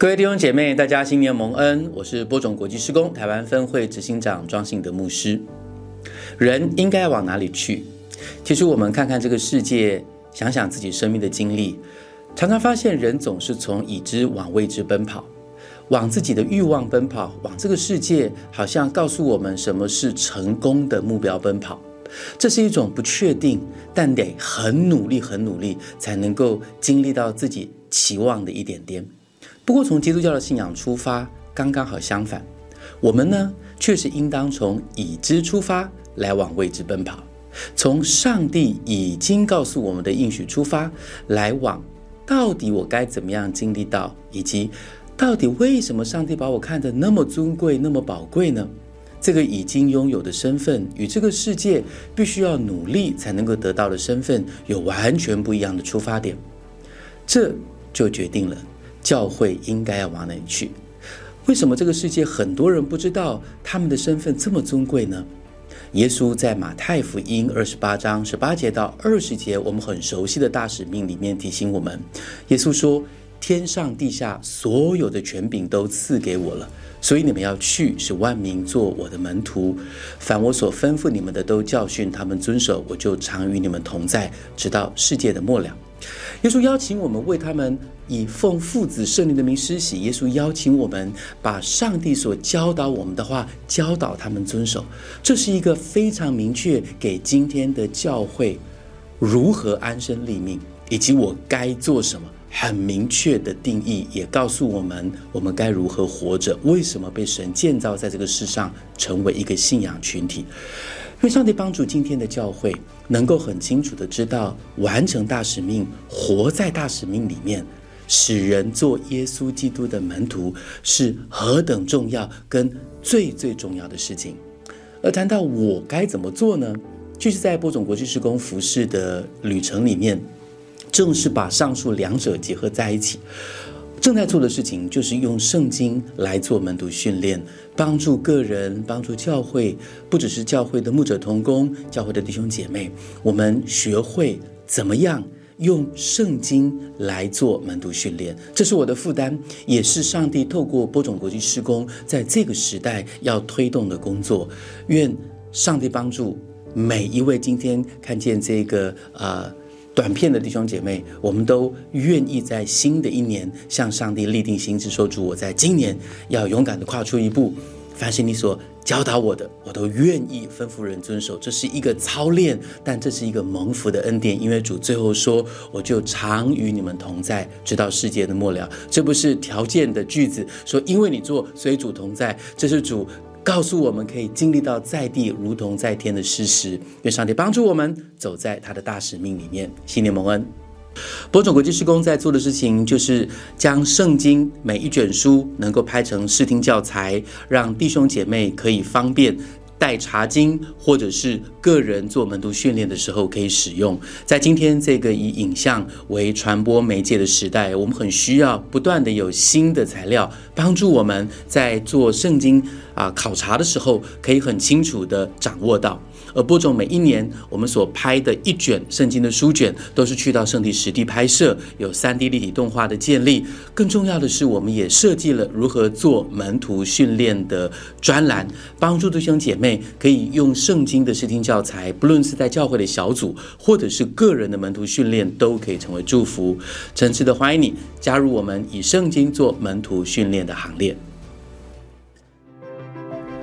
各位弟兄姐妹，大家新年蒙恩！我是播種國際事工台灣分會執行長莊信德牧師。人應該往哪裡去？其實，我們看看這個世界，想想自己生命的經歷，常常發現人總是從已知往未知奔跑，往自己的慾望奔跑，往這個世界好像告訴我們什麼是成功的目標奔跑。這是一種不確定，但得很努力、很努力，才能夠經歷到自己期望的一點點。不過，從基督教的信仰出發，剛剛好相反。我們呢，確實應當從已知出發，來往未知奔跑。從上帝已經告訴我們的應許出發，來往到底我該怎麼樣經歷到，以及到底為什麼上帝把我看得那麼尊貴、那麼寶貴呢？這個已經擁有的身份，與這個世界必須要努力才能夠得到的身份，有完全不一樣的出發點。這就決定了。教會應該要往哪裡去？為什麼這個世界很多人不知道他們的身份這麼尊貴呢？耶穌在馬太福音二十八章十八節到二十節，我們很熟悉的大使命裡面提醒我們：耶穌說，天上地下所有的權柄都賜給我了，所以你們要去，使萬民做我的門徒，凡我所吩咐你們的，都教訓他們遵守，我就常與你們同在，直到世界的末了。耶穌邀請我們為他們以奉父子聖靈的名施洗。耶穌邀請我們把上帝所教導我們的話教導他們遵守。這是一個非常明確給今天的教會如何安身立命，以及我該做什麼很明確的定義，也告訴我們我們該如何活着，為什麼被神建造在這個世上，成為一個信仰群體。因為上帝幫助今天的教會能夠很清楚地知道，完成大使命、活在大使命裡面，使人做耶穌基督的門徒是何等重要跟最最重要的事情。而談到我該怎麼做呢？就是在播種國際事工服事的旅程裡面，正是把上述兩者結合在一起。正在做的事情就是用聖經來做門徒訓練，幫助個人，幫助教會，不只是教會的牧者同工，教會的弟兄姐妹，我們學會怎麼樣用聖經來做門徒訓練。這是我的負擔，也是上帝透過播種國際事工在這個時代要推動的工作。願上帝幫助每一位今天看見這個啊。呃短片的弟兄姐妹，我們都願意在新的一年向上帝立定心志，說主，我在今年要勇敢地跨出一步，凡是你所教導我的，我都願意吩咐人遵守。這是一個操練，但這是一個蒙福的恩典，因為主最後說，我就常與你們同在，直到世界的末了。這不是條件的句子，說因為你做，所以主同在。這是主。告訴我們可以經歷到在地如同在天的事實，願上帝幫助我們走在他的大使命裡面，新年蒙恩。播種國際事工在做的事情，就是將聖經每一卷書能夠拍成視聽教材，讓弟兄姐妹可以方便。帶查經，或者是個人做門徒訓練的時候可以使用。在今天這個以影像為傳播媒介的時代，我們很需要不斷的有新的材料，幫助我們在做聖經啊、呃、考察的時候，可以很清楚地掌握到。而播種每一年，我們所拍的一卷聖經的書卷，都是去到聖地實地拍攝，有 3D 立體動畫的建立。更重要的是，我們也設計了如何做門徒訓練的專欄，幫助弟兄姐妹可以用聖經的視聽教材，不論是在教會的小組，或者是個人的門徒訓練，都可以成為祝福。誠摯的歡迎你加入我們以聖經做門徒訓練的行列。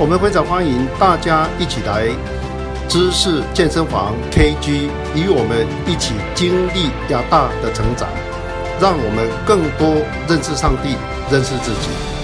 我們非常歡迎大家一起來知識健身房 KG，與我們一起經歷比較大的成長，讓我們更多認識上帝，認識自己。